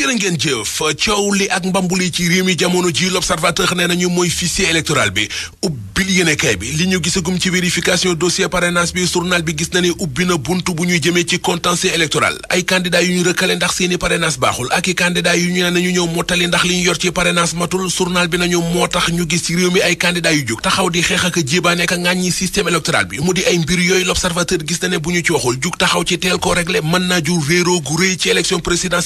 jërë ngeen jëf coow li ak mbambuli ci réew mi jamono ji l'observateur nee nañu mooy fichier électoral bi ubbil yéenekaay bi li ñu gisagum ci vérification dossier parrainage bi journal bi gis na ne bu ñuy jëmee ci contentieux électoral ay candidats yu ñu i candidats yu ñu ne nañu ñëw mottali ndax li ñu yor ci parrainage matul journal bi nañu moo tax ñu gis ci réew mi ay candidats yu jóg taxaw di xeex ak a jéebaane ak a ŋàññi système électoral bi mu di ay mbir yooyu l'observateur gis na ne bu ñu ci waxul jug taxaw ci teel koo régler mën naa jur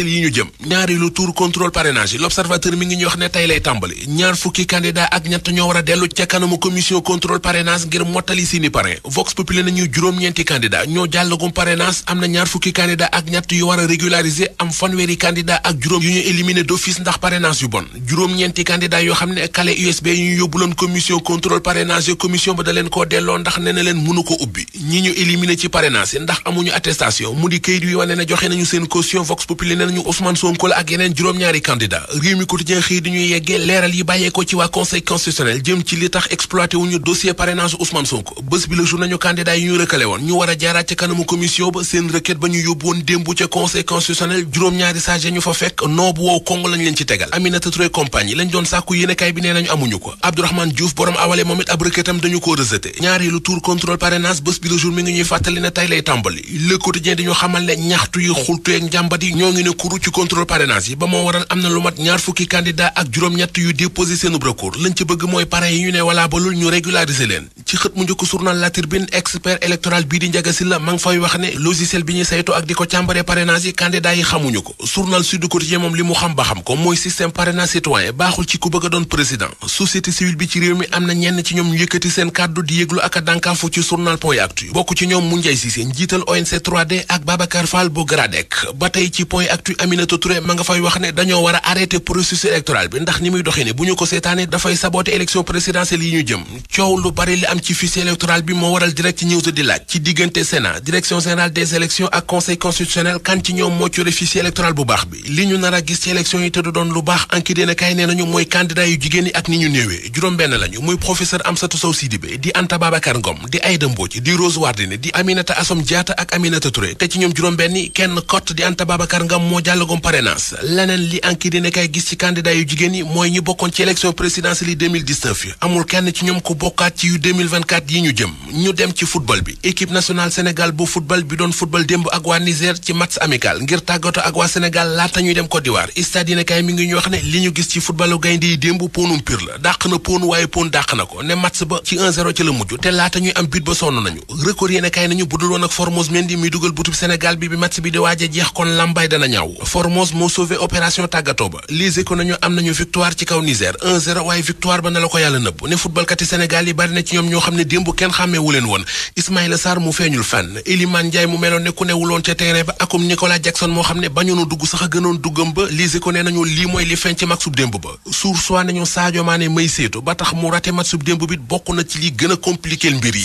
yi ñu jëm ñaareelu tour contrôle parrainage yi l'observateur mi ñaar fukki candidat ak ñett ñoo war a dellu ca kanamu commission contrôle parrainage ngir mottali seeni parrain vox populi nañu juróom-ñeenti candidat ñoo jàllagum parrainage am na ñaar fukki candidat ak ñett yu war a régulariser am fanweeri candidat ak juróom yu ñu éliminer d'office ndax parrainage yu bon juróom-ñeenti candidat yoo xam ne clé USB yu ñu yóbbuloon commission contrôle parrainage commission ba da leen delloo ndax nee na ko la ak yeneen juróom-ñaari candidat réew mi quotidien xëy di ñuy yeggee leeral yi bàyyeekoo ci waa conseil constitutionnel jëm ci li tax exploité wuñu dossier parrainage Ousmane Sonko bés bi la jour nañu candidat yi ñu rëkkale woon ñu war jaaraat ca kanamu commission ba seen requête ba ñu yóbbu woon démb ca conseil constitutionnel juróom-ñaari sage ñu fa fekk noo bu wow kong lañ leen ci tegal Aminata Touré compagnie lañ doon sàkku yéenekaay bi nee nañu parrainage yi ba moo waral am na lu mat ñaar fukki candidat ak juróom-ñett yu déposé seenub recours lañ ci bëgg mooy parrain yi ñu ne walaa ñu régulariser leen ci xët mu njëkk journal La expert électoral bii di Ndiaga Sylla ma fay wax ne logiciel bi ñuy saytu ak di ko càmbare parrainage yi candidat yi xamuñu ko journal Sud Quotidien moom li mu xam ba xam ko mooy système parrainage citoyen baaxul ci ku bëgg a doon président société civile bi ci réew mi am na ñenn ci a Quotidien ma nga fay wax ne dañoo war a arrêté processus électoral bi ndax ni muy doxee ne bu ñu ko seetaane dafay saboté élection présidentielle yi ñu jëm coow lu bari li am ci fichier électoral bi moo waral direct news di laaj ci diggante Sénat direction générale des élections ak conseil constitutionnel kan ci ñoom moo cure fichier bu baax bi li ñu nar a gis ci élection yi te du doon lu baax anki dina kay nee nañu mooy candidat yu jigéen yi ak ni ñu néewee juróom-benn di Anta Babacar ak Aminata te ci ñoom juróom-benn kenn cote di Anta Babacar Ngom moo jàllagum pare na alternance leneen li enquête dina kay gis ci candidat yu jigéen yi mooy ñi bokkoon ci élection présidentielle yi 2019 amul kenn ci ñoom ko bokkaat ci yu yi ñu jëm ñu dem ci football bi équipe nationale Sénégal bu football bi doon football démb ak waa Niger ci match amical ngir tàggatoo ak waa Sénégal laata ñuy dem Côte d'Ivoire stade dina kay ngi ñu wax ne li ñu gis ci footballu gaynde yi démb ponum pir la dàq na pon waaye pon dàq na ko ne match ba ci ci la mujj te laata am but ba sonn nañu record yéen kay nañu budul woon ak Formose Mendy mi dugal butub Sénégal bi bi match bi di waaj a jeex kon lambay dana ñaaw Formose moo sauvé opération tàggatoo ba lise ko nañu am nañu victoire ci kaw Niger 1-0 waaye victoire ba na la ko yàlla nëbb ne footballkati Sénégal yi bari na ci ñoom ñoo xam ne démb kenn xàmmeewu leen woon Ismaïla Sarr mu feeñul fenn Iliman Ndiaye mu meloon ne ku newuloon ca terrain ba akum Nicolas Jackson moo xam ne bañoonu dugg sax a gënoon duggam ba lise ko ne nañu lii mooy li feeñ ci match sub démb ba suur soit nañu Sadio Mané may séetu ba tax mu rate match sub démb bi bokk gën a compliqué mbir